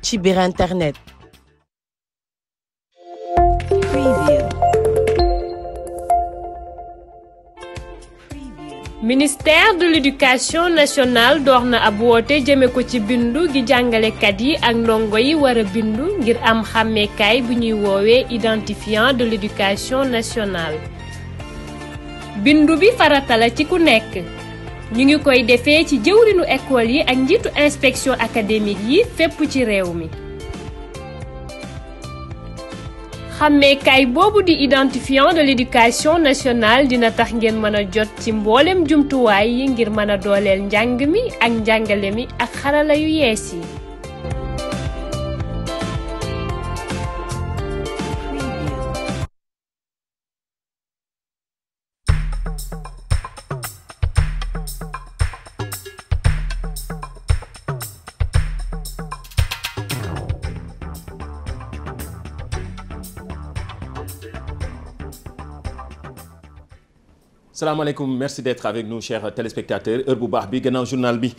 ci biir internet. ministère de l'éducation nationale door na ab woote jëme ko ci bindu gi jàngalekat yi ak ndongo yi wara bindu ngir am xàmmeekaay bu ñuy woowee identifiant de l'éducation nationale. bindu bi farata la ci ku nekk. ñu ngi koy defee ci jëwrinu école yi ak njiitu inspection académique yi fépp ci réew mi xàmmeekaay boobu di identifiant de l'éducation nationale dina tax ngeen mën a jot ci mbooleem jumtuwaay yi ngir mën a dooleel njàng mi ak njàngale mi ak xarala yu yees yi salaamaaleykum merci d'être avec nous chers téléspectateurs heure bu baax bi gannaaw journal bi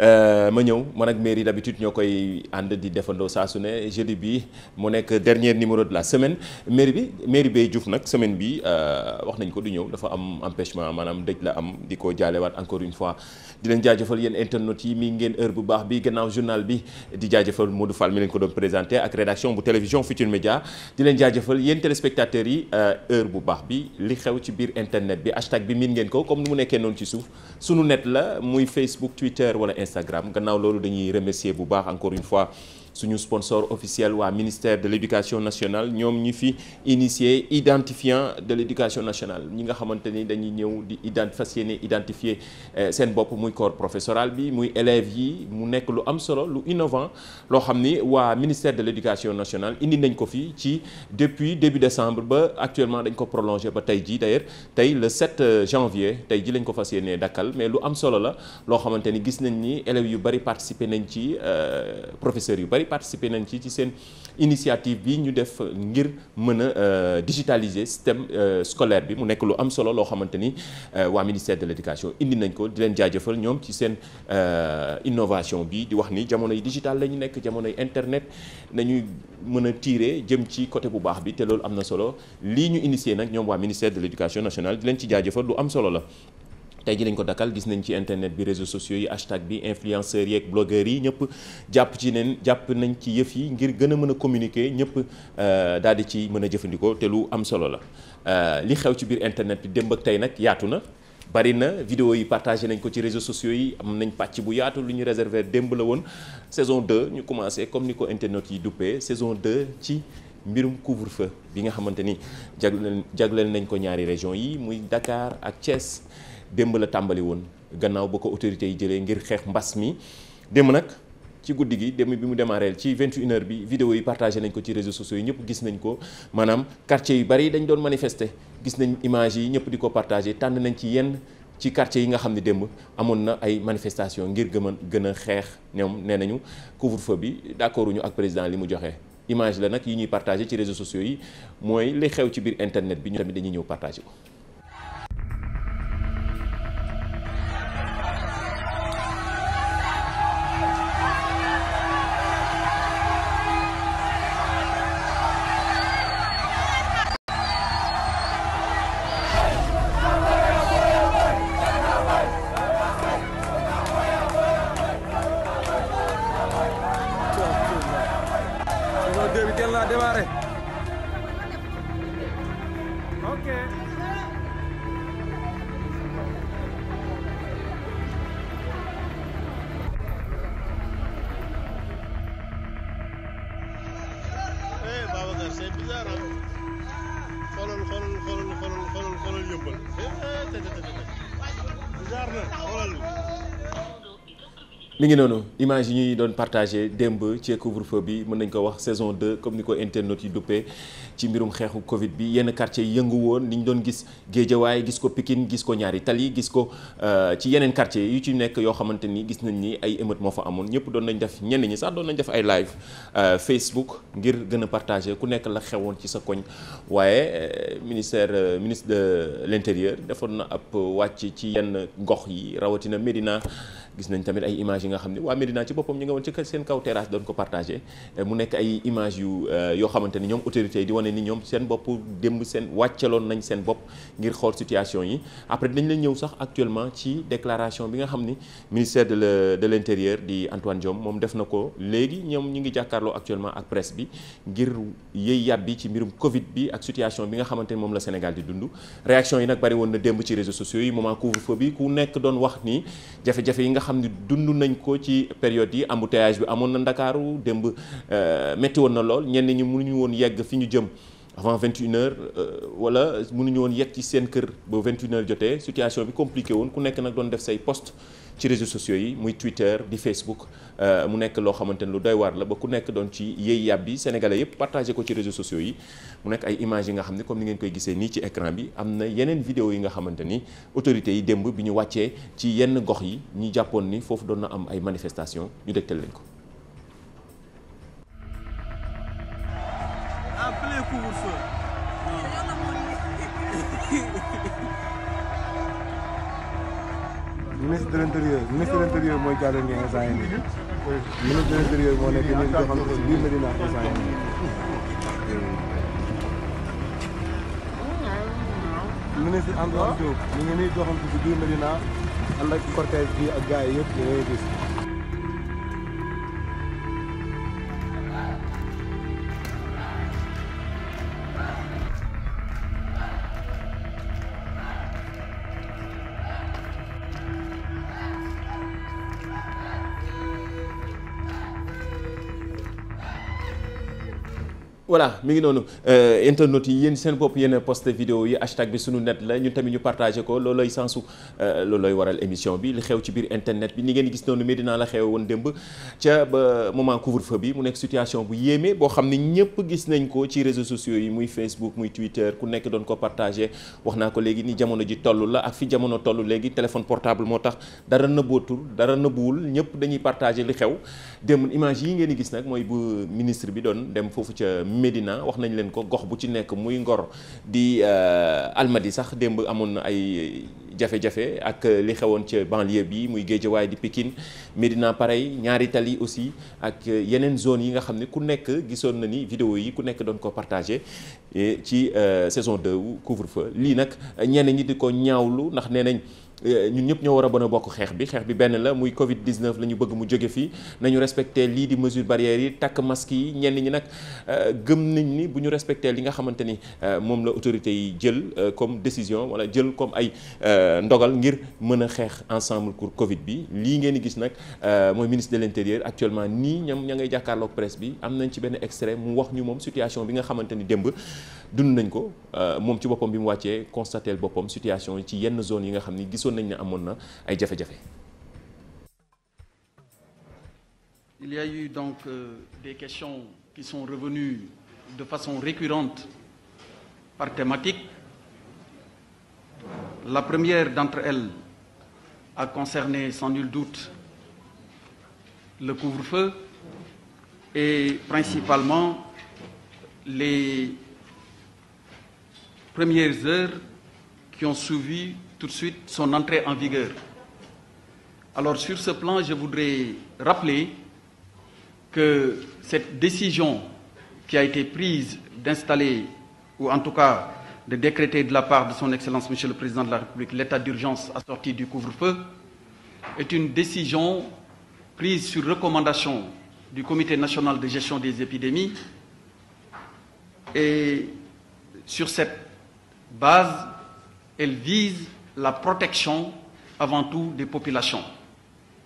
euh, ma ñëw man ak mairie d'habitude ñoo koy ànd di defandoo saa su ne jeudi bi mu nekk dernier numéro de la semaine mairie bi mairie Baye Diouf nag semaine bi euh, wax nañ ko du ñëw dafa am empêchement maanaam dëj la am di ko jaalewaat encore une fois di leen jaajëfal yéen internautes yi mi ngeen heure bu baax bi gannaaw journal bi di jaajëfal Modou Fall mi leen ko doon présenté ak bu télévision Futurs Médias di leen jaajëfal yéen téléspectateurs yi euh, heure bu baax bi li xew ci biir internet bi hashtag net bi miin ngeen ko comme ni mu nekkee noonu ci suuf sunu net la muy Facebook Twitter wala Instagram gannaaw loolu dañuy remercier bu baax encore une fois suñu sponsor officiel waa ministère de l' éducation nationale ñoom ñi fi initié identifiant de l' nationale ñi nga xamante ni dañuy ñëw di identi fas identifier eh, seen bopp muy corps professoral bi muy élève yi mu nekk lu am solo lu innovant loo xam ni waa ministère de l' éducation nationale indi nañ ko fii ci depuis début décembre ba actuellement dañ ko prolongé ba tey jii d' ailleurs tey le 7 euh, janvier tey ji lañ ko fas yéene dakkal mais lu am solo la loo xamante ni gis nañ ni élèves yu bari participer nañ ci euh, professeurs yu bari bëri participer nañ ci ci seen initiative bi ñu def ngir mën a euh, digitaliser système euh, scolaire bi mu nekk lu am solo loo xamante ni euh, waa ministère de l'éducation indi nañ ko di leen jaajëfal ñoom ci seen innovation bi di wax ni jamonoy digital la ñu nekk jamono jamonoy internet nañuy mën a tirer jëm ci côté bu baax bi te loolu am na solo lii ñu initier nag ñoom waa ministère de l'éducation nationale di leen ci jaajëfal lu am solo la tey ji lañ ko dakkal gis nañ ci internet bi réseaux sociaux yi hashtag bi influenceurs yeeg blogueurs yi ñëpp jàpp ci neen jàpp nañ ci yëf yi ngir gën a mën a communiquer ñëpp euh, daal di ci mën a jëfandikoo te lu am solo la euh, li xew ci biir internet bi démb ak tey nag yaatu na bari na vidéo yi partagé nañ ko ci réseaux sociaux yi am nañ pàcc bu yaatu lu ñu réserver démb la woon saison 2 ñu commencé comme ni ko internet yi duppee saison 2 ci mbirum couvre-feu bi nga xamante ni jagleel jagleel nañ ko ñaari région yi muy Dakar ak Thiès démb la tàmbali woon gannaaw ba ko autorités yi jëlee ngir xeex mbas mi démb nag ci guddi gi dem bi mu démarreel ci 21h bi vidéo yi partagé nañ ko ci réseaux sociaux yi ñëpp gis nañ ko maanaam quartier yu bari dañ doon manifester gis nañ image yi ñëpp di ko partagé tànn nañ ci yenn ci quartier yi nga xam ne démb amoon na ay manifestation ngir gëm a gën a xeex ñoom nee nañu couvre-feu bi d'accord uñu ak président li mu joxe image la nag yi ñuy partagé ci réseaux yi mooy li xew ci biir bi ñu tamit dañuy ñëw partagé ko c'est bizarre xoolal xoolal xoolal xoolal xoolal xoolal yëmbal eh, te te te te bizarre na xoolal mi ngi noonu image yi ñuy doon partagé démb ci couvre-feu bi mën nañ ko wax saison 2 comme ni ko internautes yi duppee ci mbirum xeexu Covid bi yenn quartier yi yëngu woon li ñu doon gis Géejawaay gis ko pikin gis ko ñaari tali gis ko euh, ci yeneen quartier yu ci nekk yoo xamante ni gis nañ ni ay émeute moo fa amoon ñëpp doon nañ def ñenn ñi sax doon nañ def ay live euh, Facebook ngir gën a partagé ku nekk la xewoon ci sa koñ waaye euh, ministère ministre de l'intérieur defoon na ab wàcc ci yenn gox yi rawatina Médina gis nañ tamit ay image image yi nga xam ne waa Médina ci boppam ñu nga woon ci seen kaw terrasse doon ko partagé eh, mu nekk ay image yu eh, yoo xamante ñoom autorités di wane ni ñoom seen bopp démb seen wàccaloon nañ seen bopp ngir xool situation yi après dinañ leen ñëw sax actuellement ci déclaration bi nga xam ni ministère de l de di Antoine Diome moom def na ko léegi ñoom ñu ngi jàkkaarloo actuellement ak presse bi ngir yëy yàbbi ci mbirum Covid bi ak situation bi nga xamante ni moom la Sénégal di dund réaction yi nag bari woon na ko ci période yi embouteillage bi amoon na Ndakaaru démb euh, metti woon na lool ñenn ñi mënuñu woon yegg fi ñu jëm avant 21 heures euh, wala mënuñu woon yegg ci seen kër ba 21 heures jotee situation bi compliqué woon ku nekk nag doon def say post ci réseaux sociaux yi muy Twitter di Facebook euh, mu nekk loo xamante ne lu doy waar la ba ku nekk doon ci yëy yàbbi sénégalais yëpp partagé ko ci réseaux sociaux yi mu nekk ay images yi nga xam ne comme ni ngeen koy gisee nii ci écran bi am na yeneen vidéo yi nga xamante ni autorités yi démb bi ñu wàccee ci yenn gox yi ñu jàppoon ni foofu doon na am ay manifestations ñu dégtal leen ko. ministre de l' intérieur ministre de l' intérieur mooy jàll ngeen instant yii nii ministre de l' intérieur moo nekk nii joxam ko biir Medina instant yii nii ministre Antoine Diop ñu ngi nii joxam ko biir Medina ànd ak cortège bi ak gars yi yëpp yooyu gis voilà mi ngi noonu euh, internautes yi yéen seen bopp yenn posté vidéo yi hashtag bi sunu net la ñu tamit ñu partagé ko loolooy sensu euh, loolooy waral émission bi li xew ci biir internet bi ñu ngeen gis noonu Medina la xew woon démb ca ba moment couvre-feu bi mu nekk situation bu yéeme boo xam ne ñëpp gis nañ ko ci réseaux sociaux yi muy Facebook muy Twitter ku nekk doon ko partagé wax naa ko léegi ni jamono ji toll la ak fi jamono toll léegi téléphone portable moo tax dara nëbbootul dara nëbbuwul ñëpp dañuy partagé li xew démb image yi ngeen di gis nag mooy bu ministre bi doon dem foofu ca Médina wax nañ leen ko gox bu ci nekk muy Ngor di euh, Almadi sax démb amoon na ay jafe-jafe ak li xewoon ca banlieue bi muy Géejawaay di Pikine Médina pareil ñaari tali aussi ak yeneen zone yi nga xam ne ku nekk gisoon na ni vidéo yi ku nekk doon ko partagé ci euh, saison de couvre-feu lii nag ñenn ñi di ko ñaawlu ndax nee nañ Euh, ñun ñëpp ñoo war a mën a bokk xeex bi xeex bi benn la muy Covid 19 la ñu bëgg mu jóge fii nañu respecté lii di mesure barrières yi takk masque yi ñenn ñi nag euh, gëm nañ ni bu ñu respecté li nga xamante ni euh, moom la autorité yi jël comme décision wala jël comme ay ndogal ngir mën a xeex ensemble pour Covid bi lii ngeen di gis nag mooy ministre de l'intérieur actuellement nii ñam ña ngay jàkkaarloog presse bi am nañ ci benn extrait mu wax ñu moom situation bi nga xamante ni démb dund nañ ko. Euh, moom ci boppam bi mu wàccee constaté boppam situation ci yenn zone yi nga xam ni gisoon nañ ne amoon na ay jafe-jafe. Il y eu donc euh, des questions qui sont revenues de façon récurrente par thématique. La première d'entre elles a concerné sans nul doute le couvre-feu et principalement les premières heures qui ont suivi tout de suite son entrée en vigueur. Alors sur ce plan, je voudrais rappeler que cette décision qui a été prise d'installer, ou en tout cas de décréter de la part de son Excellence Monsieur le Président de la République l'état d'urgence assorti du couvre-feu, est une décision prise sur recommandation du Comité national de gestion des épidémies. Et sur cette base, elle vise la protection avant tout des populations.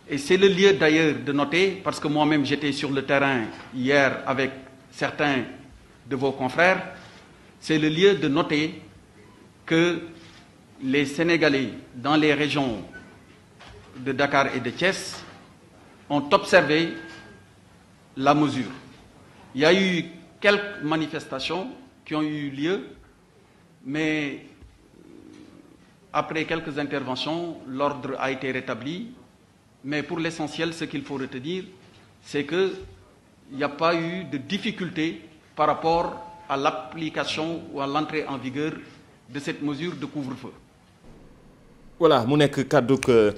Et c'est le lieu d'ailleurs de noter, parce que moi-même j'étais sur le terrain hier avec certains de vos confrères, c'est le lieu de noter que les Sénégalais dans les régions de Dakar et de Thiès ont observé la mesure. Il y a eu quelques manifestations qui ont eu lieu mais euh, après quelques interventions, l'ordre a été rétabli. Mais pour l'essentiel, ce qu'il faut retenir, c'est qu'il n'y a pas eu de difficulté par rapport à l'application ou à l'entrée en vigueur de cette mesure de couvre-feu. voilà mu nekk kàddug euh,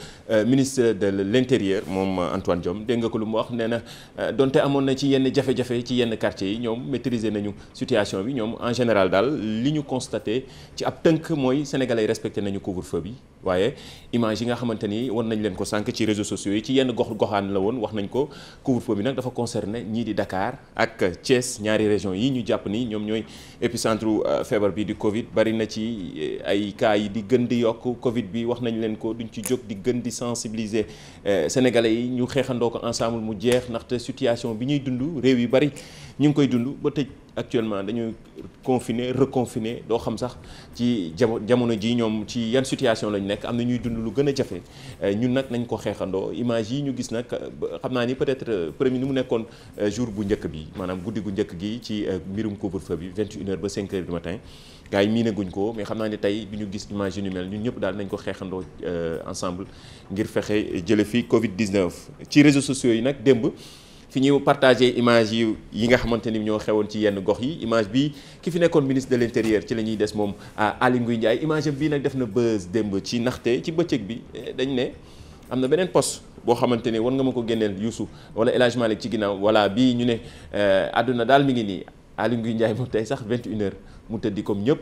ministre de l' intérieur moom Antoine Diome dégg nga ko lu mu wax nee na euh, donte amoon na ci yenn jafe-jafe ci yenn quartiers yi ñoom maîtriser nañu situation bi ñoom en général daal li ñu constaté ci ab tënk mooy sénégalais respecté nañu couvre-feu bi waaye image yi nga xamante ni wan nañ leen ko sànq ci réseaux sociaux yi ci yenn gox goxaan la woon wax nañ ko couvre-feu bi nag dafa concerné ñii di dakaar ak Thiès ñaari région yi ñu jàpp ni ñoom ñooy épicentre euh, feebar bi di Covid bari na ci ay cas yi di gën di yokk Covid bi. wax nañ leen ko duñu ci jóg di gën di sensibiliser eh, sénégalais yi ñu xeexandoo ko ensemble mu jeex ndaxte situation bi ñuy dund réew yu bari ñu ngi koy dund ba tëj actuellement dañuy confiné reconfiné doo xam sax ci jamono ji ñoom ci yan situation lañu nekk am na ñuy dund lu gën a jafe euh, ñun nag nañ ko xeexandoo image yi ñu gis nag euh, xam naa ni peut-être euh, premier ni mu nekkoon jour bu njëkk bi maanaam guddi gu njëkk gi ci mbirum couvre-feu bi 21h ba 5h du matin gars yi miinaguñ ko mais xam naa ne tey bi ñu gis image yu ni mel ñun ñëpp daal nañ ko xeexandoo ensemble ngir fexe jële fi Covid 19 ci réseaux sociaux yi nag démb. fi ñu partagé image yi nga xamante ni ñoo xewoon ci yenn gox yi image bi ki fi nekkoon ministre de l'intérieur ci la ñuy des moom Aly Ngouille Ndiaye image am bii nag def na buzz démb ci naxte ci bëccëg bi eh, dañ ne am na beneen poste boo xamante ne war nga ma ko génneel Youssou wala El Hadj ci ginnaaw voilà bii ñu ne eh, àdduna daal mi ngi nii Aly Ngouille Ndiaye moom tey sax 21 heures mu tëddi comme ñëpp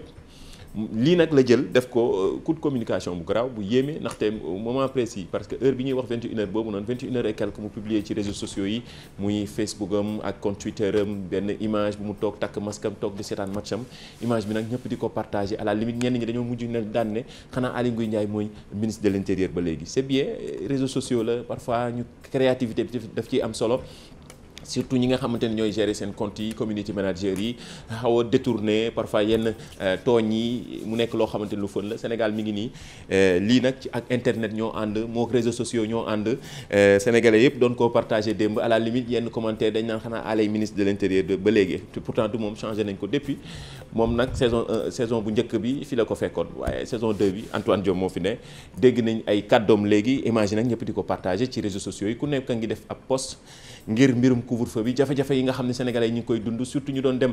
lii nag la jël def ko euh, coup de communication bu garaaw bu yéeme ndaxte moment précis parce que heure bi ñuy wax 21 heure boobu noonu 21 heure et quelque mu publier ci réseaux sociaux yi muy Facebook ak compte Twitter benn image bu mu toog takk maskam toog di seetaan matcham image bi nag ñëpp di ko partagé à la limite ñenn ñi dañoo mujj ne daan ne xanaa Aly Ngouille Ndiaye mooy ministre de l'intérieur ba léegi c'est bien euh, réseaux sociaux la parfois ñu créativité bi daf ciy am solo surtout ñi nga xamante ne ñooy gérer seen compte yi community manager yi xaw a détourné parfois yenn euh, tooñ yi mu nekk loo xamante ni lu fën la Sénégal mi ngi nii euh, lii nag ci ak internet ñoo ànd mook réseaux sociaux ñoo ànd euh, sénégalais yëpp doon koo partagé démb à la yenn commentaire dañ naan xanaa alay ministre de l' intérieur de ba léegi pourtant du moom ko depuis moom nag saison saison bu njëkk bi fi la ko fekkoon waaye saison 2 bi Antoine Diome moo fi ne dégg nañ ay kàddoom léegi imagine nag ñëpp di ko partagé ci réseaux sociaux yi ku nekk ngi def ab post ngir mbirum couvre-feu bi jafe-jafe yi nga xam ne sénégalais yi ñu ngi koy dund surtout ñu doon dem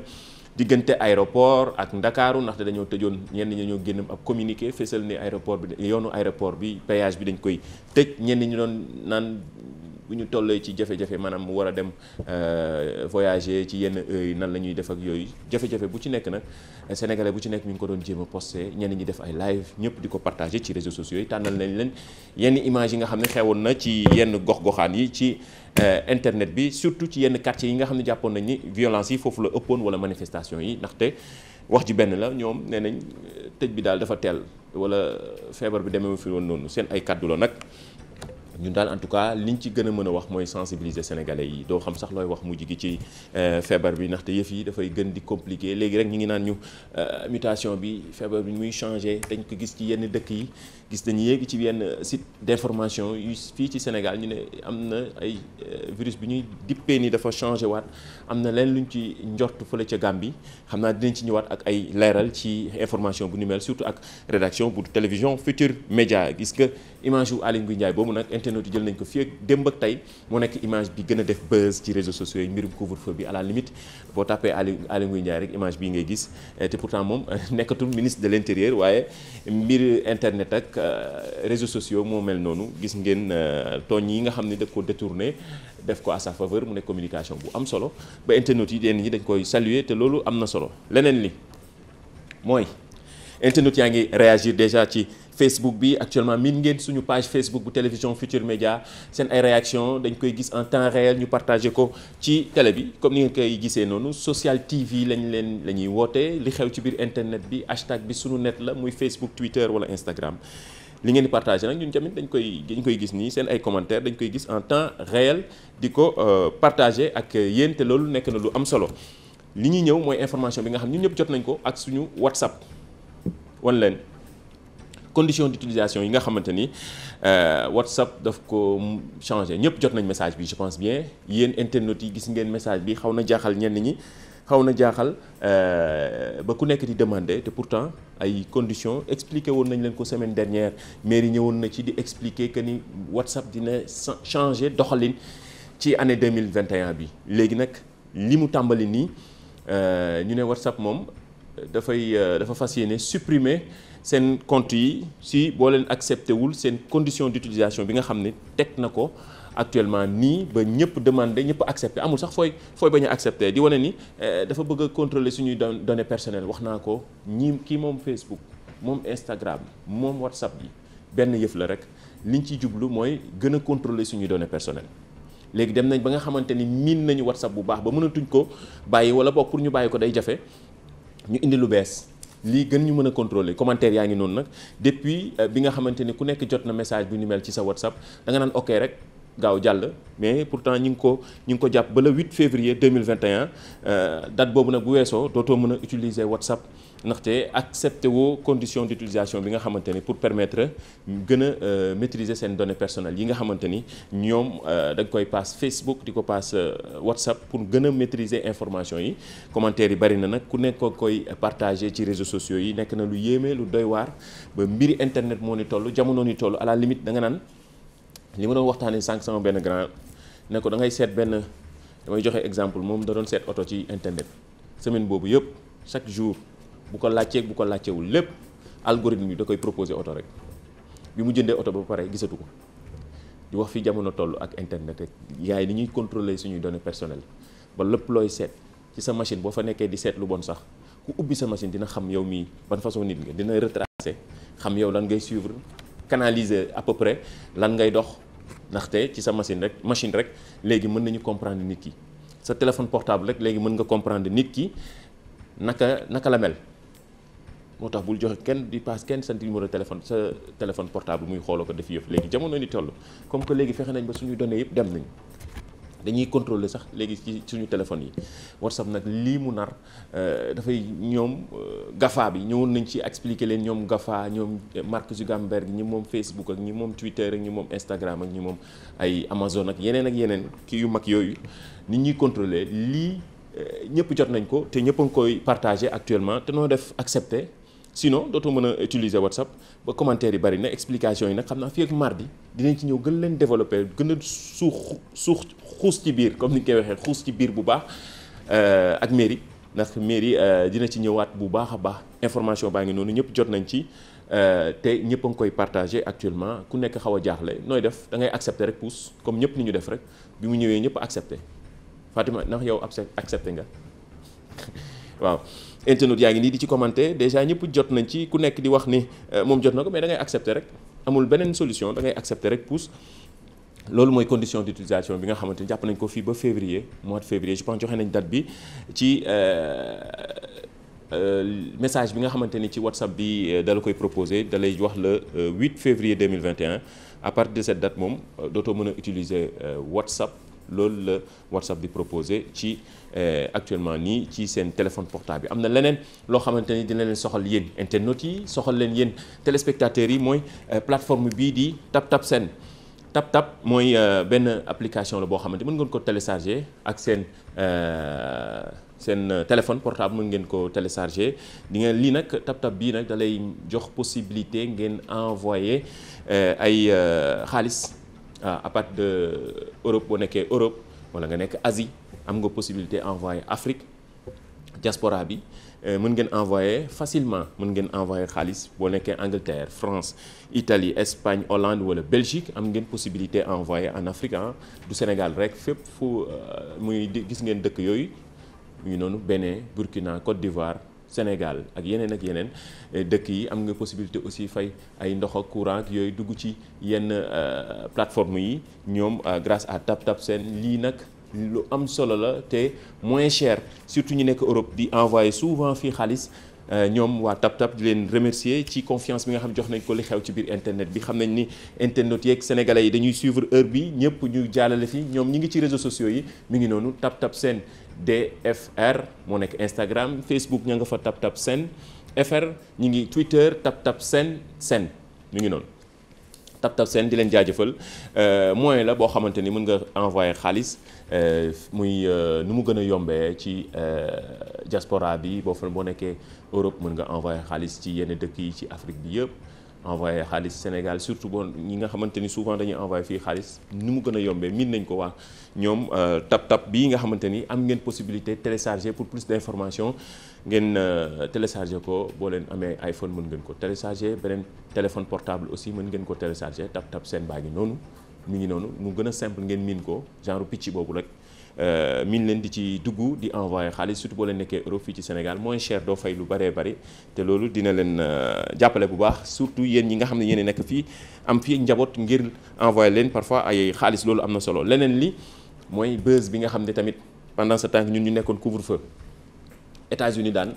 diggante aéroport ak ndakaaru ndaxte dañoo tëjoon ñenn ñi ñoo génn ak communiqué fésal ni aéroport bi yoonu aéroport bi péage bi dañ koy tëj ñenn ñi doon naan bu ñu tollee ci jafe-jafe maanaam mu war a dem euh, voyager ci yenn heures yi nan la ñuy def ak yooyu jafe-jafe bu ci nekk nag sénégalais bu ci nekk ñu ngi ko doon jéem a posté ñenn ñi def ay live ñëpp di ko partagé ci réseaux sociaux yi tànnal nañ leen yenn image yi nga xam ne xewoon na ci yenn gox-goxaan yi ci euh, internet bi surtout ci yenn quartiers yi nga xam ne jàppoon nañ ni violence yi foofu la ëppoon wala manifestation yi ndaxte wax ji benn la ñoom nee nañ euh, tëj bi daal dafa teel wala feebar bi demee fi woon noonu seen ay kàddu nag ñun daal en tout cas li ñu ci gën a mën a wax mooy sensibiliser sénégalais yi doo xam sax looy wax mu gi ci euh, feebar bi ndaxte yëf yi dafay gën di compliqué léegi rek ñu ngi naan ñu euh, mutation bi feebar bi muy changé dañ ko gis ci yenn dëkk yi gis nañu yéeg ci yenn site d'information yu fii ci Sénégal ñu ne am na ay euh, virus bi ñuy dippee ni dafa changé waat am na leen lu luñ ci njort fële ca Gambie xam naa dinañ ci ñëwaat ak ay leeral ci information bu nu mel surtout ak rédaction bu télévision Futur Média gis nga image yu Aly Ngouille Ndiaye boobu nag internet yi jël nañ ko fii ak démb ak tey moo nekk image bi gën a def buzz ci réseaux sociaux yi mbirum couvre-feu bi à la limite boo tapé Aly Aly Ngouille rek image bii ngay gis te pourtant moom nekkatul ministre de l'intérieur waaye mbir internet ak Euh, réseaux sociaux moo mel noonu gis ngeen euh, tooñ yi nga xam ne daf ko détourné def ko à sa mu ne communication bu am solo ba internet yi yenn ñi dañ koy saluer te loolu am na solo leneen li mooy internet yaa ngi réagir déjà ci Facebook bi actuellement min ngeen suñu page Facebook bu télévision Futur Média seen ay réaction dañ koy gis en temps réel ñu partagé ko ci télé bi comme ni ngeen koy gisee noonu social TV lañ leen lañuy ñuy wootee li xew ci biir internet bi hashtag bi suñu net la muy Facebook Twitter wala Instagram li ngeen di partagé nag ñun tamit dañ koy dañ koy gis nii seen ay commentaires dañ koy gis en temps réel di ko euh, partagé ak yéen te loolu nekk na lu am solo li ñuy ñëw mooy information bi nga xam ñun ñëpp jot nañ ko ak suñu WhatsApp wan leen condition d'utilisation yi nga xamante ni euh, WhatsApp daf ko changé ñëpp jot nañ message bi je pense bien yéen internautes yi gis ngeen message bi xaw na jaaxal ñenn ñi xaw na jaaxal euh, ba ku nekk di demande te pourtant ay conditions expliqué woon nañ leen ko semaine dernière mairie ñëwoon na ci di expliquer que ni WhatsApp dina changer doxalin ci année 2021 bi léegi nag li mu tàmbali nii euh, ñu ne WhatsApp moom dafay euh, dafa fas yéene supprimer seen compte yi si boo leen accepté wul seen condition d'utilisation bi nga xam ne teg na ko actuellement nii ba ñëpp demandé ñëpp accepté amul sax fooy fooy bañ a accepté di wane ni euh, dafa bëgg a contrôler suñuy données personnelles wax naa ko ñi kii moom Facebook moom Instagram moom WhatsApp bi benn yëf la li ñu ciy jublu mooy gën a contrôler suñuy données personnel léegi dem nañ ba nga xamante ni miin nañu WhatsApp bu baax ba mënatuñ ko bàyyi wala boog pour ñu bàyyi ko day jafe ñu indi lu bees lii gën ñu mën a contrôler commentaire yaa ngi noonu nag depuis euh, bi nga xamante ni ku nekk jot na message bu ñu mel ci sa WhatsApp da nga naan ok rek gaaw jàll mais pourtant ñi ngi ko ñi ngi ko jàpp ba le 8 février 2021 euh, date boobu nag bu weesoo dootoo mën a utiliser WhatsApp ndaxte accepté woo condition d'utilisation bi nga xamante ni pour permettre gën a euh, maîtriser seen données personnelles yi nga xamante ni ñoom euh, da nga koy paas Facebook di ko paas euh, WhatsApp pour gën a maîtriser information yi commentaires yi bari na nag ku nekk koy partager ci réseaux sociaux yi nekk na lu yéeme lu doy waar ba mbiri internet moo ni tollu jamono ni toll à la limite da naan li ma doon waxtaanee sànq sama benn grand ne ko da ngay seet benn damay joxe exemple moom da doon seet oto ci internet semaine boobu yëpp chaque jour. bu ko laajtee bu ko laajteewul lépp algorithme bi da koy proposé oto rek bi mu jëndee oto ba pare gisatu ko di wax fi jamono toll ak internet rek gars yi ni ñuy contrôler suñuy données personnel ba lépp looy seet ci sa machine boo fa nekkee di seet lu bon sax ku ubbi sa machine dina xam yow mii ban façon nit nga dina retracer xam yow lan ngay suivre canaliser à peu près lan ngay dox ndaxte ci sa machine rek machine rek léegi mën nañu comprendre nit ki sa téléphone portable rek léegi mën nga comprendre nit ki naka naka la mel moo tax bul joxe kenn di paas kenn sa numéro téléphone sa téléphone portable muy xooloo ko def yëf léegi jamono ni toll comme que léegi fexe nañ ba suñu données yëpp dem nañ dañuy contrôler sax léegi ci suñu téléphone yi WhatsApp nag lii mu nar euh, dafay ñoom euh, GAFA bi ñëwoon nañ ci expliquer leen ñoom GAFA ñoom Mark Zuckerberg ñi moom Facebook ak ñi moom Twitter ak ñi moom Instagram ak ñi moom ay Amazon ak yeneen ak yeneen kii yu mag yooyu nit ñuy contrôler lii euh, ñëpp jot nañ ko te ñëpp ngi koy partager actuellement te def accepter sinon dootoo mën a utiliser WhatsApp ba commentaire yi bari na explication yi nag xam naa fii ak mardi dinañ ci ñëw gën leen développer gën a suux suux xuus ci biir comme ni ñu koy waxee xuus ci biir bu baax euh, ak mairie ndax mairie euh, dina ci ñëwaat bu baax a baax information baa ngi noonu ñëpp jot nañ ci euh, te ñëpp ngi koy partagé actuellement ku nekk xaw a jaaxle nooy def da ngay rek pousse comme ñëpp ni ñu def rek bi mu ñëwee ñëpp accepté Fatima ndax yow accepté nga waaw internet yaa ngi nii di ci commenter déjà ñëpp jot nañ ci ku nekk di wax ni euh, moom jot na ko mais dangay ngay accepter rek amul beneen solution dangay ngay accepter rek pousse loolu mooy condition d'utilisation bi nga xamante jàpp nañ ko fii ba février mois de février je pense joxe nañ bi ci euh, euh, message bi nga xamante ni ci WhatsApp bi dala koy proposer dalay wax le 8 février 2021 à partir de cette date moom dootoo mën a utiliser WhatsApp loolu la WhatsApp di proposé ci eh, actuellement nii ci seen téléphone portable bi am na leneen loo xamante ni dina leen soxal yéen internautes yi soxal leen yéen téléspectateurs yi mooy eh, plateforme bii di tap TapTap tap TapTap mooy eh, benn application la boo xamante mën ngeen ko télécharger ak seen seen téléphone portable mën ngeen ko télécharger di ngeen lii nag TapTap bii nag dalay jox possibilité ngeen envoyé ay xaalis. à part de Europe boo nekkee Europe wala nga nekk Asie am nga possibilité envoyé Afrique diaspora bi euh, mën ngeen envoyé facilement mën ngeen envoyé xaalis boo nekkee Angleterre France Italie Espagne Hollande wala Belgique am ngeen possibilité envoyer en Afrique du Sénégal rek fépp fu euh, muy gis ngeen dëkk yooyu ñu noonu Bénin Burkina Côte d'Ivoire Sénégal ak yeneen ak yeneen dëkk yi am nga possibilité aussi fay ay ndox ak courant yooyu dugg ci yenn euh, plateforme yi ñoom euh, grâce à Tap Tap Seen lii nag lu am solo la te moins cher surtout ñu nekk Europe di envoyer souvent fii xaalis Euh, ñoom waa Tap Tap di leen remercier ci confiance bi nga xam jox nañ ko li xew ci biir internet bi xam nañ ni internet yeeg sénégalais yi dañuy suivre heure bi ñëpp ñu jaalale fi ñoom ñi ngi ci réseaux sociaux yi mi ngi noonu Tap Tap Sen DFR moo nekk Instagram Facebook ña nga fa Tap Tap Sen FR ñi ngi Twitter Tap Tap Sen Sen mi ngi noonu. Tap Tap di leen jaajëfal euh, moyen la boo xamante ni mën nga envoyé xaalis euh, muy nu mu gën a yombee ci diaspora bi boo fa boo nekkee Europe mën nga envoyé xaalis ci yenn dëkk yi ci Afrique bi yëpp envoyé xaalis Sénégal surtout bon ñi nga xamante ni souvent dañuy envoyé fii xaalis ni mu gën a yombee miin nañ ko waa ñoom euh, tap tap bii nga xamante ni am ngeen possibilité télécharger pour plus d'information ngeen euh, télécharger ko boo leen amee iPhone mën ngeen ko télécharger beneen téléphone portable aussi mën ngeen ko télécharger tap tap seen baa ngi noonu mu ngi noonu mu gën a simple ngeen miin ko genre picc boobu rek. Euh, min leen di ci dugg di envoyé xaalis surtout boo leen nekkee Europe fii ci Sénégal moins cher doo fay lu bare bëri te loolu dina leen euh, jàppale bu baax surtout yéen ñi nga xam ne yéen nekk fii am fii njaboot ngir envoyé leen parfois ay xaalis loolu am na solo leneen li mooy buzz bi nga xam ne tamit pendant sa temps ñun ñu nekkoon couvre-feu États-Unis daan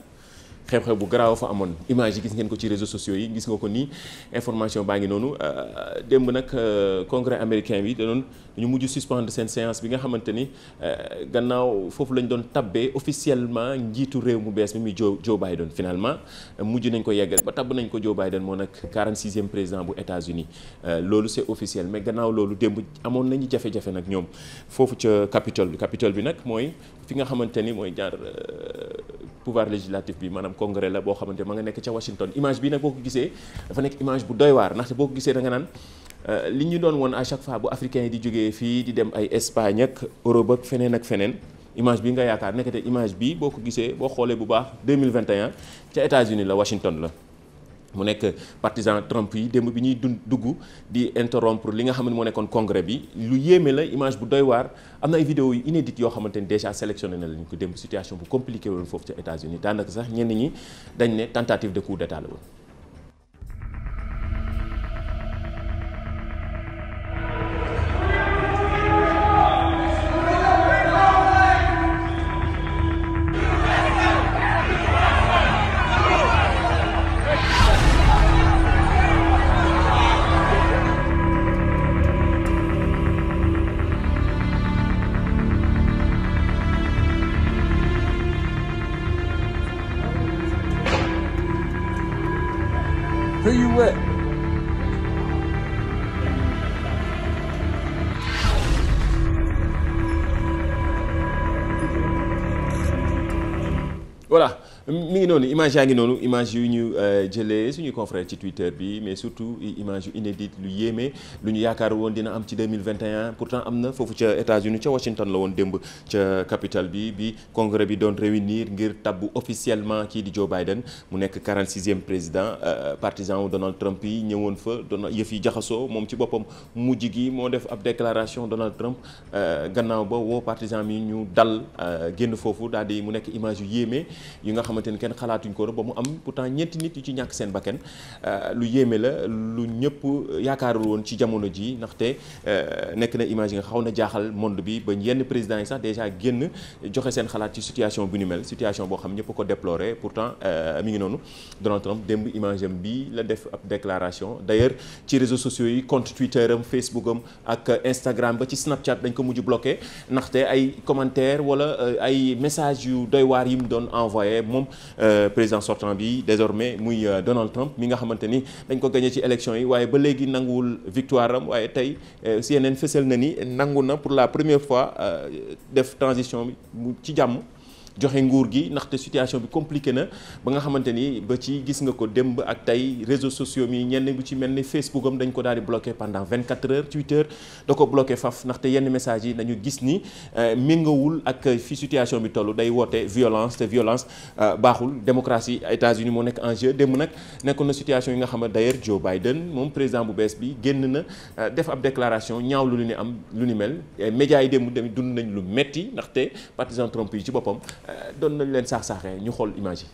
xew-xew bu garaaw fa amoon image yi gis ngeen ko ci réseaux sociaux yi gis nga ko nii information baa ngi noonu euh, démb nag euh, congrès américain bi da doon ñu mujj suspendre seen séance bi nga xamante ni euh, gannaaw foofu lañ doon tabbee officiellement njiitu réew mu bees mi muy Joe Joe Biden finalement mujj nañ ko yeggal ba tabb nañ ko Joe Biden moo nag 46e président bu États-Unis loolu c'est officiel mais gannaaw loolu démb amoon nañu jafe-jafe ñoom foofu ca Capitole bi bi nag mooy fi nga xamante ni mooy jaar pouvoir législatif bi congrès la boo xamante ma nga nekk ca Washington image bi nag boo ko gisee dafa nekk image bu doy waar ndaxte boo ko gisee da nga naan euh, li ñu doon woon à chaque fois bu africain yi di jógee fii di dem ay Espagne ak Europe ak feneen ak feneen image bi nga yaakaar nekkate image bi boo ko gisee boo xoolee bu baax 2021 ca États-Unis la Washington la mu nekk partisan Trump yi démb bi ñuy dund dugg di interrompre li nga xam ne moo nekkoon congrès bi lu yéeme la image bu doy waar am na ay vidéo yu inédite yoo xamante ni déjà sélectionné lañu ko démb situation bu compliqué woon foofu ca États-Unis daanaka sax ñenn ñi dañ ne tentative de coup d'état la woon yoon yi image yaa ngi noonu image yu ñu euh, jëlee suñu confrère ci Twitter bi mais surtout image yu inédite lu yéeme lu ñu yaakaar woon dina am ci 2021 pourtant am na foofu ca États-Unis ca Washington la woon démb ca capitale bi bi congrès bi doon réunir ngir tabbu officiellement kii di Joe Biden mu nekk 46e président euh, partisan wu Donald Trump yi ñëwoon fa doon yëf yi jaxasoo moom ci boppam mujj gi moo def ab déclaration Donald Trump euh, gannaaw ba woo partisan ñu dal génn foofu daal di mu nekk image yu Tinkara ba mu am pourtant ñeenti nit yu ci ñàkk seen bakken euh, lu yéeme la lu ñëpp yaakaarul woon ci jamono ji ndaxte euh, nekk na image nga xaw na jaaxal monde bi ba yenn président yi sax déjà génn joxe seen xalaat ci situation bu ni mel situation boo xam ñëpp ko déploré pourtant euh, mi ngi noonu Donald Trump démb image am bi la def ab déclaration d'ailleurs ci réseaux sociaux yi compte Twitter am Facebook am ak Instagram ba ci Snapchat dañ ko mujj bloqué ndaxte ay commentaire wala ay message yu doy waar yi mu doon envoyé moom président sortant bi désormais muy euh, Donald Trump mi nga xamante ni dañ ko gagné ci élection yi waaye ba léegi nanguwul victoire am waaye tey yeneen euh, fësal na ni nangu na pour la première fois euh, def transition bi ci jàmm joxe nguur gi ndaxte situation bi compliqué na ba nga xamante ni ba ci gis nga ko démb ak tey réseaux sociaux mi ñenn bu ci mel ni Facebook am dañ ko daal di bloqué pendant 24 heures Twitter da ko bloqué faf ndaxte yenn message yi dañu gis ni euh, méngawul ak fi situation bi toll day woote violence te violence euh, baaxul démocratie États-Unis moo nekk en jeu démb nag nekkoon na situation yi nga xam ne d'ailleurs Joe Biden moom président bu bees bi génn na euh, def ab déclaration ñaaw lu ni am lu ni mel médias yi démb tamit dund nañ lu metti ndaxte partisan Trump ci boppam Euh, doon nañ leen saax saaxee ñu xool image yi.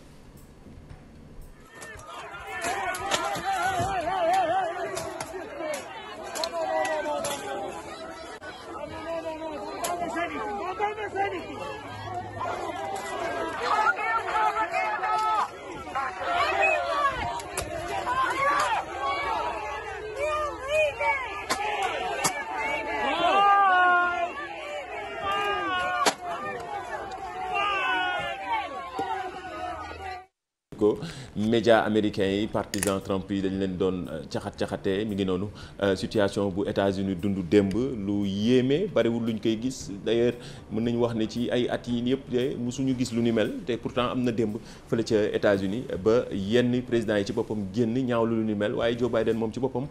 médias américains yi partisans Trump yi dañ leen doon caxat euh, caxatee mu ngi noonu euh, situation bu États-Unis dund démb lu yéeme bariwul luñ koy gis d'ailleurs mën nañu wax ne ci ay at yi yëpp te musuñu gis lu nu mel te pourtant am na démb fële ca États-Unis ba yenn président yi ci boppam génn ñaaw lu ni mel waaye Joe Biden moom ci boppam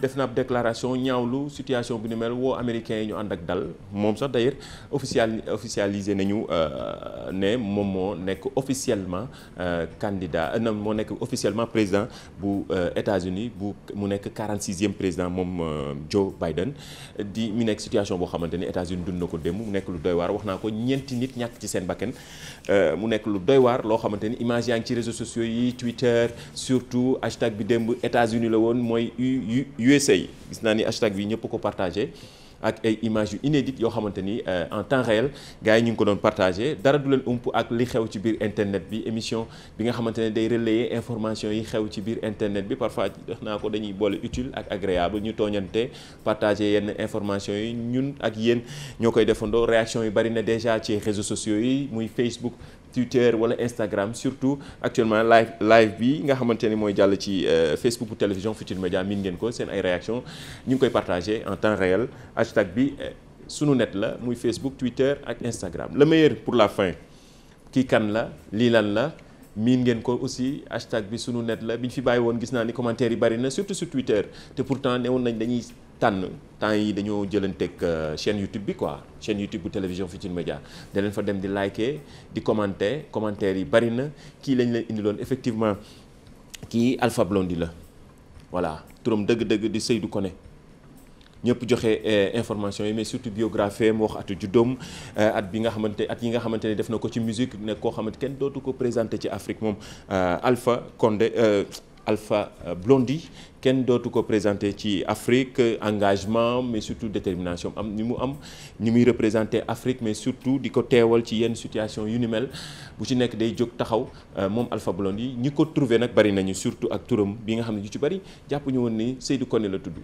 def naa ab déclaration lu situation bu ni mel woo américains yi ñu ànd ak dal moom sax d'ailleurs official officialisé nañu euh, ne moom moo nekk officiellement candidat na officiellement président bu euh, États-Unis bu mu nekk 46e président moom euh, Joe Biden di mu nekk situation boo xamante ni États-Unis dund na ko démb mu nekk lu doy waar wax naa ko ñeenti nit ñàkk ci seen bakken euh, mu nekk lu doy waar loo xamante ni image yaa ngi ci réseaux sociaux yi Twitter surtout hashtag bi démb États-Unis la woon mooy USA gis naa ni hashtag bi ñëpp ko partagé. ak ay images yu inédites yoo xamante ni euh, en temps réel gars yi ñu ngi ko doon partagé dara du leen ump ak li xew ci biir internet bi émission bi nga xamante ne day relayer information yi xew ci biir internet bi parfois def naa ko dañuy boole utile ak agréable ñu tooñante partagé yenn information yi ñun ak yéen ñoo koy defandoo réaction yi bari na déjà ci réseaux sociaux yi muy Facebook Twitter wala Instagram surtout actuellement live live bi nga xamante ni mooy jàll ci euh, Facebook ou télévision Futurs Médias miin ngeen ko seen ay réaction ñu ngi koy partagé en temps réel hashtag bi euh, sunu net la muy Facebook Twitter ak Instagram le meilleur pour la fin kii kan la lii lan la miin ngeen ko aussi hashtag bi sunu net la bi ñu fi bàyyi woon gis naa ni commentaire yi bari na surtout sur Twitter te pourtant newoon nañ dañuy tànn temps yi dañoo jëlanteeg euh, chaîne YouTube bi quoi chaîne YouTube bu télévision Futurs Médias da leen fa dem di liker di commenter commentaire yi bari na kii lañ leen indiloon effectivement kii Alpha Blondy la voilà turam dëgg-dëgg di Seydou Koné ñëpp joxe euh, information yi mais surtout biographie mu wax atu juddoom euh, at bi nga xamante at yi nga xamante ne def na ko ci musique nekk koo xamante kenn dootu ko présenté ci Afrique moom Alpha Condé Alpha Blondy kenn dootu ko présenté ci Afrique engagement mais surtout détermination am ni mu am ñi muy représenté Afrique mais surtout di ko teewal ci yenn situation yu ni mel bu ci nekk day jog taxaw euh, moom Alpha Blondy yi ñi ko trouvé nag bari nañu surtout ak turam bi nga xam ne ñu ci bari jàpp ñu woon ni Seydou kone la tudd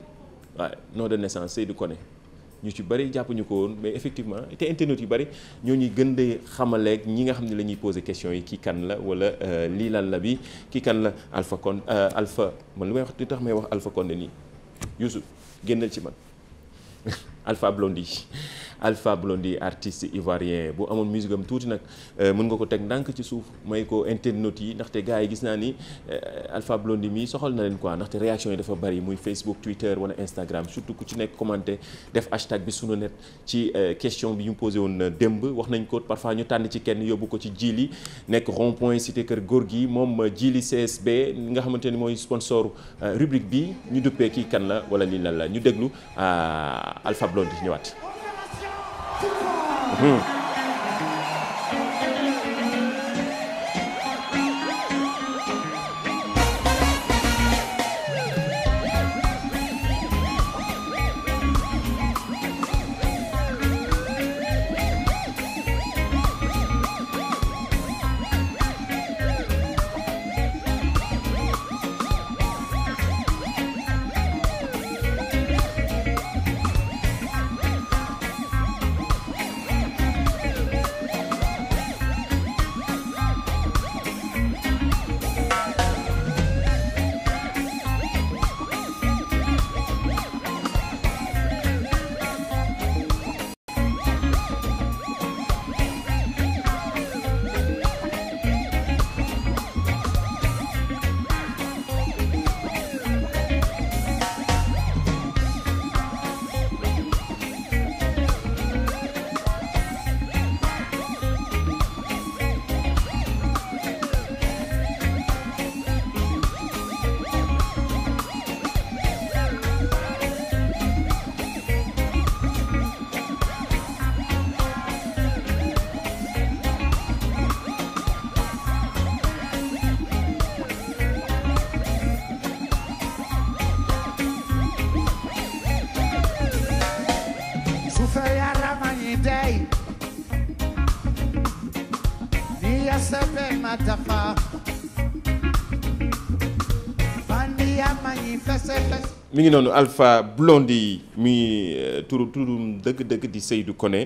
waaw nom de naissance Seydou Koné ñu ci bari jàppuñu ko woon mais effectivement te internet yu bëri ñoo ñuy gën de xamaleeg ñi nga xam ne la ñuy posé question yi kii kan la wala euh, lii lan la bi kii kan la Alpha Condé euh, Alpha man li may wax li tax may wax Alpha Condé nii Youssou génnal ci man Alpha Blondy Alpha Blondy artiste ivoirien bu amoon musique am tuuti nag euh, mën nga ko teg ndànk ci suuf may ko internautes yi ndaxte gars yi gis naa ni euh, Alpha Blondy mii soxal na leen quoi ndaxte réaction yi dafa bari muy Facebook Twitter wala Instagram surtout ku ci nekk commenté def hashtag bi su net ci euh, question bi ñu posé woon na démb wax nañ ko parfois ñu tànn ci kenn yóbbu ko ci jiili nekk rond point te kër góor gi moom Jili CSB nga xamante ni mooy sponsor rubrique bi ñu duppee kii kan la wala lii lan la ñu déglu Alpha Pape Lo di ci ñëwaat. mi ngi noonu Alpha Blondy mi euh, turu turum dëgg-dëgg di Seydou Koné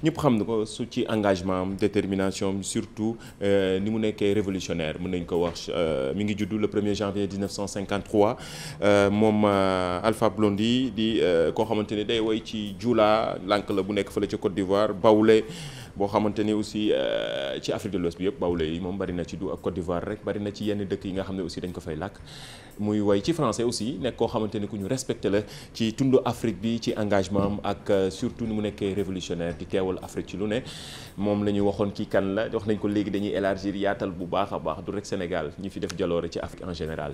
ñëpp xam na ko su ci engagement am détermination surtout euh, ni mu nekkee révolutionnaire mën nañ ko wax euh, mi ngi juddu le 1er janvier 1953 moom Alpha Blondy di koo xamante ni day woy ci Jula lank la bu nekk fële ca Côte d'Ivoire Baoulé boo xamante ni aussi ci Afrique de l'Ouest bi yëpp Baoulé yi moom bari na ci du ak Côte d'Ivoire rek bari na ci yenn dëkk yi nga xam ne aussi dañ ko fay làkk muy woy ci français aussi nekk koo xamante ne ku ñu respecté la ci tund Afrique bi ci engagement ak euh, surtout ni mu nekkee révolutionnaire di teewal Afrique ci lu ne moom la ñu waxoon kii kan la wax nañ ko léegi dañuy élargir yaatal bu baax a baax du rek Sénégal ñi fi def jaloore ci Afrique en général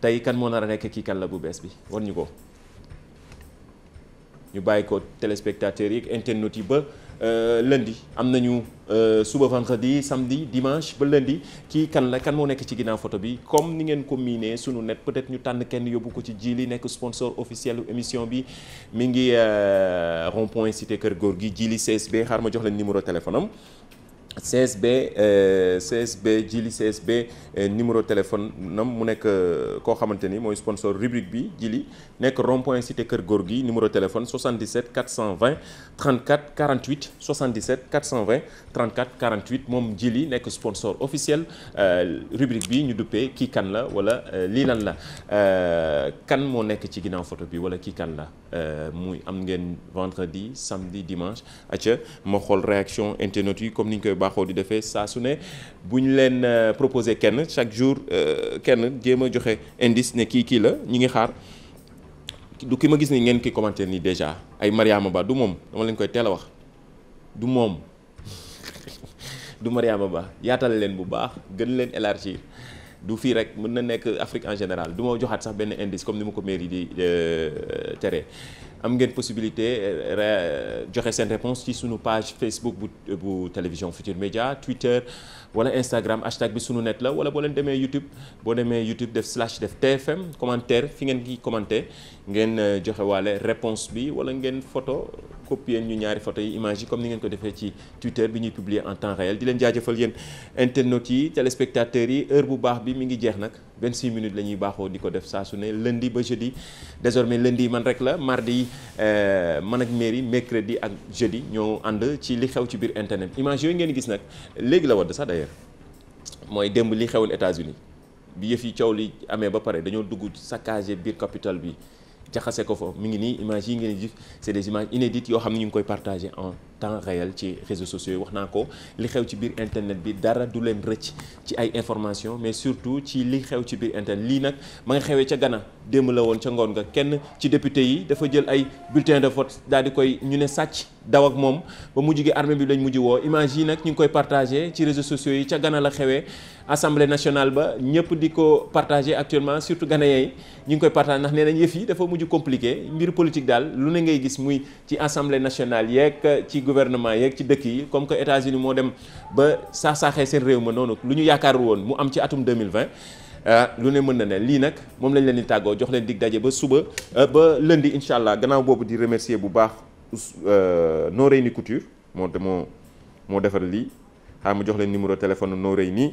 tey kan moo nar a nekk kii kan la bu bees bi war ñu ko ñu bàyyi ko téléspectateurs yi ak yi ba Euh, lundi am nañu euh, suba vendredi samedi dimanche ba lundi kii kan la kan moo nekk ci ginnaaw photo bi comme ni ngeen ko miinee sunu net peut ñu tànn kenn yóbbu ko ci jii li nekk sponsor officiel émission bi mi ngi euh, rond point cité Kër Góor gi li CSB xaar ma jox leen numéro téléphone CSB euh, CSB Jili CSB euh, numéro téléphone nam mu nekk euh, koo xamante ni mooy sponsor rubrique bi Jili nekk rond point cité Kër Góor gi numéro téléphone 77 420 34 48 77 420 34 48 moom Jili nekk sponsor officiel rubrique bi ñu duppee kii kan la wala lii lan la kan moo nekk ci ginnaaw photo bi wala kii kan la muy am ngeen vendredi samedi dimanche acca ma xool réaction internautes yi comme ni ñu koy baax baaxoo di defee saa su ne bu ñu leen euh, proposé kenn chaque jour euh, kenn jéem a joxe indice ne kii kii la ñu ngi xaar du ki ma gis ni ngeen ki commenté nii déjà ay Mariama Ba du moom dama leen koy teel a wax du moom du Mariama Ba yaatal leen bu baax gën leen élargir. du fii rek mën na nekk Afrique en général du ma joxaat sax benn indice comme ni ma ko mairie di euh, tere am ngeen possibilité euh, joxe seen réponse ci sunu page Facebook bu bu télévision Futur Média Twitter wala Instagram hashtag bi sunu net la wala boo leen demee YouTube boo demee YouTube def slash def TFM commentaire fi ngeen ki commenter ngeen euh, joxewaale waale réponse bi wala ngeen photo copier ñu ñaari photo yi image yi comme ni ngeen ko defee ci Twitter bi ñuy publier en temps réel di leen jaajëfal yéen internautes yi téléspectateurs yi heure bu baax bi mi ngi jeex nag 26 minutes la ñuy baaxoo di ko def saa su ne lundi ba jeudi désormais lundi man rek la mardi euh, man ak mairie mercredi ak jeudi ñoo ànd ci li xew ci biir internet image yooyu ngeen gis nag léegi la wadd sax mooy démb li xewul États-Unis bi yëf yi coow li amee ba pare dañoo dugg saccagé biir capitale bi jaxase ko fa mu ngi nii images yi ngeen di gis c'est des images inédites yoo xam ne ñu ngi koy partager en temps réel ci réseaux sociaux yi wax naa ko li xew ci biir internet bi dara du leen rëcc ci ay informations mais surtout ci li xew ci biir internet lii nag ma nga xewee ca gana démb la woon ca ngoon nga kenn ci député yi dafa jël ay bulletin de vote daal di koy ñu ne sàcc daw ak moom ba mujj gi armée bi lañ mujj woo image yi nag ñu ngi koy partager ci réseaux sociaux yi ca Ghana la xewee assemblée nationale ba ñëpp di ko partager actuellement surtout ghanéens yi ñu ngi koy partager ndax nee nañ yëf yi dafa mujj compliqué mbiru politique daal lu ne ngay gis muy ci assemblée nationale yeeg ci gouvernement yeeg ci dëkk yi comme que États-Unis moo dem ba saax-saaxee seen réew ma noonu lu ñu yaakaar woon mu am ci atum 2020 ah, lu ne mën na ne lii nag moom lañ leen di tàggoo jox leen dig daje ba suba ah, ba lundi incha allah gannaaw boobu di remercier bu baax euh, Noreyni Couture moo moo moo defar lii xaaral ma jox leen numéro téléphone Noreyni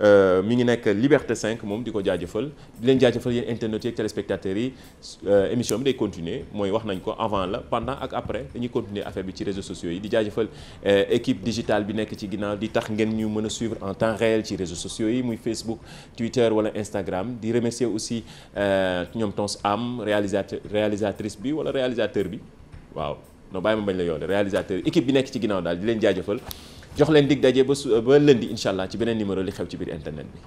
Euh, mi ngi nekk Liberté cinq moom di ko jaajëfal di leen jaajëfal yéen internet yi ak téléspectateurs yi euh, émission bi day continuer mooy wax nañ ko avant la pendant ak après dañuy continuer affaire bi ci réseaux sociaux yi di jaajëfal euh, équipe digitale bi nekk ci ginnaaw di tax ngeen ñu mën a suivre en temps réel ci réseaux sociaux yi muy Facebook Twitter wala Instagram di remercier aussi ñoom Tons Am réalisateur réalisatrice bi wala réalisateur bi waaw non bàyyi ma bañ la réalisateur équipe bi nekk ci ginnaaw daal di leen jaajëfal jox leen dig daje ba su ba lëndi incha allah ci beneen numéro li xew ci biir internet bi.